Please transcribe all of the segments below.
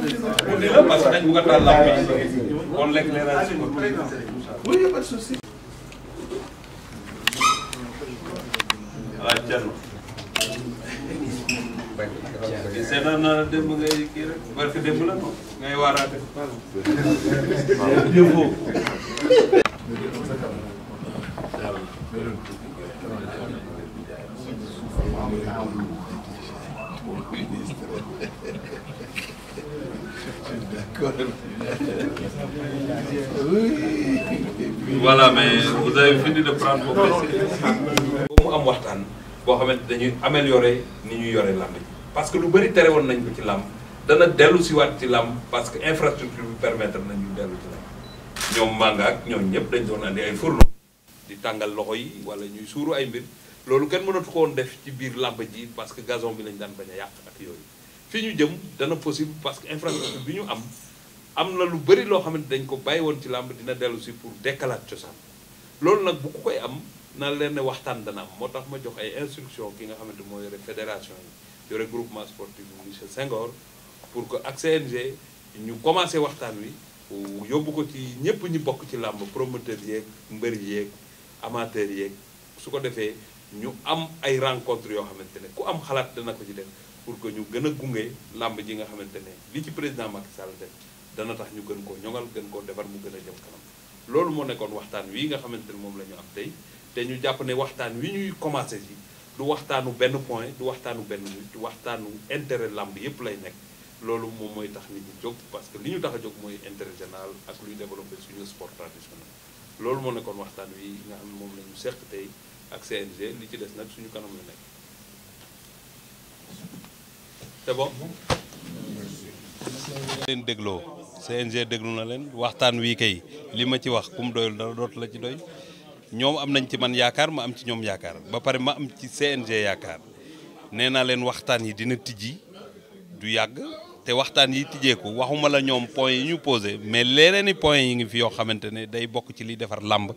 mu ne la parce que dañ bugg a taal làmp yi kon lekk leeral si ko oui y a pas de souci alaaj Thierno di seetaan naa démb ngay kii rek barki démb la non ngay waaraate yóbboo mon ministre. D'accord. Oui. voilà mais vous avez fini de prendre vos mu am waxtaan boo xamante dañuy améliorer ni ñuy yore làmb ji parce que lu bëri tere woon nañ ko ci làmb dana dellu si waat ci làmb parce que infrastructure bi permettre nañu dellu ci làmb ñoom mànga ak ñoom ñëpp dañ doon andi ay fourneau di tàngal loxo yi wala ñuy suuru ay mbir loolu kenn mënatu ko woon def ci biir làmb ji parce que gazon bi lañ daan bañ a yàq ak yooyu fii ñu jëm dana possible parce que infrastructure bi ñu am am na lu bëri loo xamante dañ ko bàyyi woon ci làmb dina dellusi pour dekkalaat cosaan loolu nag bu koy am na leen ne waxtaan dana am moo tax ma jox ay instruction ki nga xamante moo yore fédération yi yore groupement sportif bi monsieur Senghor pour que ak CNG ñu commencé waxtaan wi yóbbu ko ci ñëpp ñu bokk ci làmb promoteur yeeg mbër yeeg amateur yeeg su ko defee ñu am ay rencontre yoo xamante ne ku am xalaat dana ko ci def pour que ñu gën a gunge làmb ji nga xamante ne li ci président Macky Sall def dana tax ñu gën koo ñoŋal gën koo defar mu gën a jëm kanam loolu moo nekkoon waxtaan wi nga xamante ne moom la ñu am tey te ñu jàpp ne waxtaan wi ñuy commencé si du waxtaanu benn point waxtaanu benn nit waxtaanu intérêt làmb yépp lay nekk loolu moom mooy tax nit jóg parce que li ñu tax a jóg mooy intérêt général ak luy suñu sport traditionnel loolu moo nekkoon waxtaan wi nga xam moom la ñu seq tey ak CNG li ci dégloo CNG déglu na leen waxtaan wi kay li ma ci wax ku mu dara dootu la ci doy ñoom am nañ ci man yaakaar ma am ci ñoom yaakaar ba pare ma am ci CNG yaakaar nee naa leen waxtaan yi dina tijji du yàgg. te waxtaan yi tijjeeku waxuma la ñoom point yi ñu posé mais leneen i point yi ngi fi yoo xamante ne day bokk ci liy defar làmb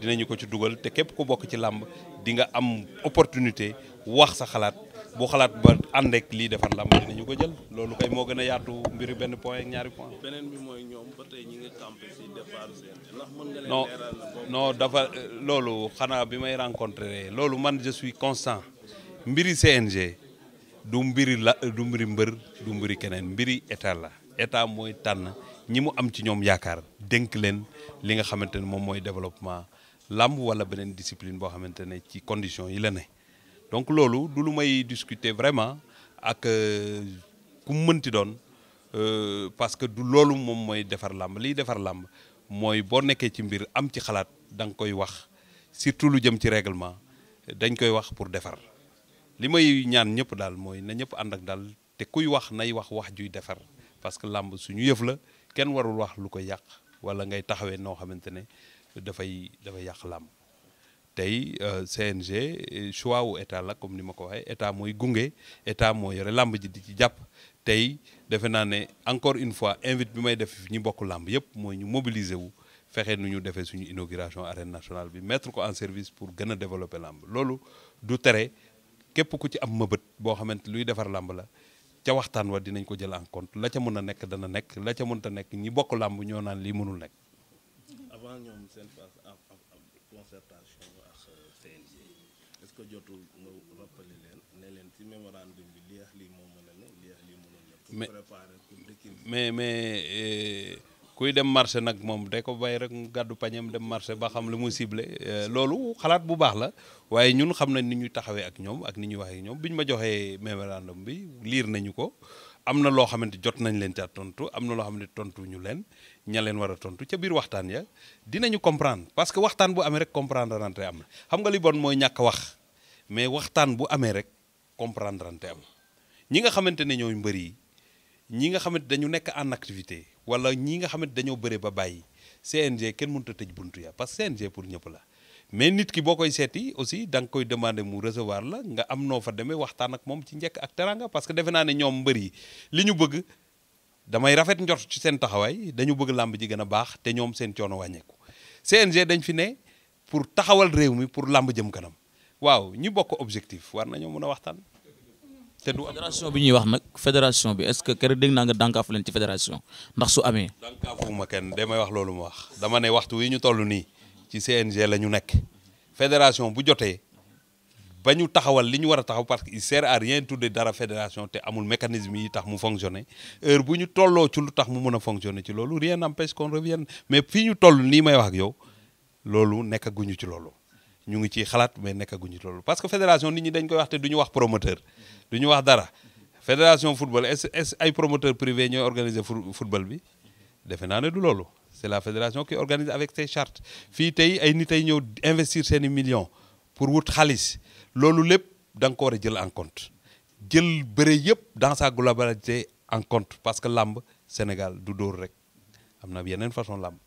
dinañu ko ci dugal te képp ku bokk ci làmb di nga am opportunité wax sa xalaat bu xalaat ba ànd ak liy defar làmb dinañu ko jël loolu kay moo gën a yaatu mbiru benn point ñaari point. beneen bi mooy ñoom ba tey ñi dafa loolu xanaa bi may rencontré loolu man je constant mbiri CNG. du mbiri la du mbiri mbër du mbiri keneen mbiri état la état mooy tànn ñi mu am ci ñoom yaakaar dénk leen li nga xamante ne moom mooy développement làmb wala beneen discipline boo xamante ne ci condition yi la ne donc loolu du lu may discuter vraiment ak euh, ku mu mënti doon euh, parce que du loolu moom mooy defar làmb liy defar làmb mooy boo nekkee ci mbir am ci xalaat da nga koy wax surtout lu jëm ci réglement dañ koy wax pour defar li may ñaan ñëpp daal mooy na ñëpp ànd ak daal te kuy wax nay wax wax juy defar parce que làmb suñu yëf la kenn warul wax lu ko yàq wala ngay taxawee noo xamante ne dafay dafay yàq làmb tey euh, CNG choix wu état la comme ni ma ko waxee état mooy gunge état moo yore làmb ji di jàpp tey defe naa ne encore une fois invite bi may def ñi bokk làmb yëpp mooy ñu mobiliser wu fexe nu ñu defee suñu inauguration arène nationale bi mettre ko en service pour gën a développer làmb loolu du tere. képp ku ci am bët boo xamante luy defar làmb la ca waxtaan wa dinañ ko jël en la ca mën a nekk dana nekk la ca mënta nekk ñi bokk làmb ñoo naan lii mënul nekk. avant ñoom seen phase am concertation ak CNG euh, est-ce que jotul nga rappeler leen ne leen ci mémorandum bi lii ak lii moo mën a ne lii lii mënul ne. pour préparer pour mais mais euh, kuy dem marché nag moom da ko bay rek mu gàddu pañam dem marché ba xam lu mu ciblé euh, loolu xalaat bu baax la waaye ñun xam nañ ni ñuy taxawee ak ñoom ak ni ñuy waxee ñoom bi ñu ma joxee mémorandum bi liir nañu ko am na loo xamante jot nañ leen ca tontu am na loo xamante tontu ñu leen ña leen war tontu ca biir waxtaan ya dinañu comprendre parce que waxtaan bu amee rek comprendre rante am xam nga li bon mooy ñàkk wax mais waxtaan bu amee rek comprendre am ñi nga xamante ne ñooy mbër yi ñi nga xamante dañu nekk en activité wala ñi nga xamante dañoo bëre ba bàyyi CNG kenn mënut a tëj buntu ya parce que CNG pour ñëpp la mais nit ki boo koy seeti aussi danga koy demander mu recevoir la nga am noo fa deme waxtaan ak moom ci njëkk ak teranga parce que defe naa ne ñoom mbër yi li ñu bëgg damay rafet njort ci seen taxawaay dañu bëgg làmb ji gën a baax te ñoom seen coono wàññeeku CNG dañ fi ne pour taxawal réew mi pour làmb jëm kanam waaw ñi bokk objectif war nañoo mën a waxtaan. te du fédération bi ñuy wax nag fédération bi est que keroog dégg naa nga dànkaafu leen ci su amee. dànkaafu ma kenn damay wax loolu ma wax dama ne waxtu wi ñu toll nii ci CNG la ñu nekk fédération bu jotee ba ñu taxawal li ñu war a taxaw parce que il sert à dara fédération te amul mécanisme yi tax mu fonctionner heure bu ñu tolloo ci lu tax mu mën a fonctionner ci loolu rien n'empêche qu'on revienne mais fii ñu toll nii may wax ak yow loolu nekka nekkaguñu ci loolu ñu ngi ciy xalaat mais nekkaguñu ci loolu parce que fédération nit ñi dañ koy wax te du ñu wax promoteur. du ñu wax dara fédération football est ay promoteurs privés ñooy organiser football bi defe naa ne du loolu c'est la fédération qui organise avec ses chartes fii tey ay nit ay ñëw investir seeni million pour wut xaalis loolu lépp da nga a jël en compte jël bëre yëpp dans sa globalité en compte parce que làmb Sénégal du dóor rek am na yeneen façon lamb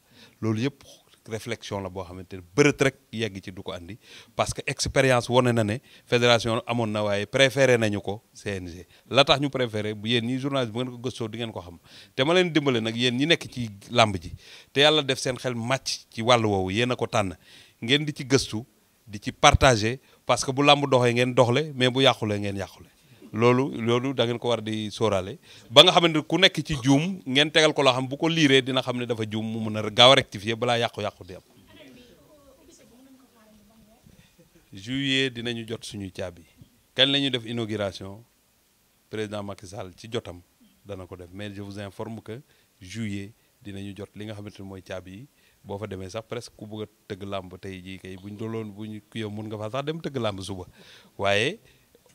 loolu yëpp. réflexion la boo xamante ne bërët rek yegg ci du ko andi parce que expérience wane na ne fédération amoon na waaye préféré nañu ko CNG la tax ñu préféré bu yéen ñi journaliste bu ngeen ko gëstoo di ngeen ko xam te ma leen dimbale nag yéen ñi nekk ci làmb ji te yàlla def seen xel màcc ci wàll woowu yéen a ko tànn ngeen di ci gëstu di ci partager parce que bu làmb doxee ngeen doxle mais bu yàqule ngeen yàqule loolu loolu da ngeen ko war di sóoraale ba nga xamante ku nekk ci juum ngeen tegal ko loo xam bu ko liiree dina xam ne dafa juum mu mun a gaaw a rectifier balaa yàqu-yàqu di am juillet dinañu jot suñuy caabi kenn la ñuy def inauguration président Macky Sall ci jotam dana ko def mais je vous informe que juillet dinañu jot li nga xamante ne mooy caabi yi boo fa demee sax presque ku bëgg tëgg làmb tey jii kay buñ doloon buñ kii yow mun nga fa sax dem tëgg làmb suba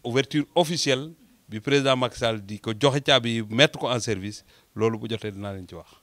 ouverture officielle bi président Macky Sall di ko joxe caabi yi mettre ko en service loolu bu jotee dinaa leen ci wax.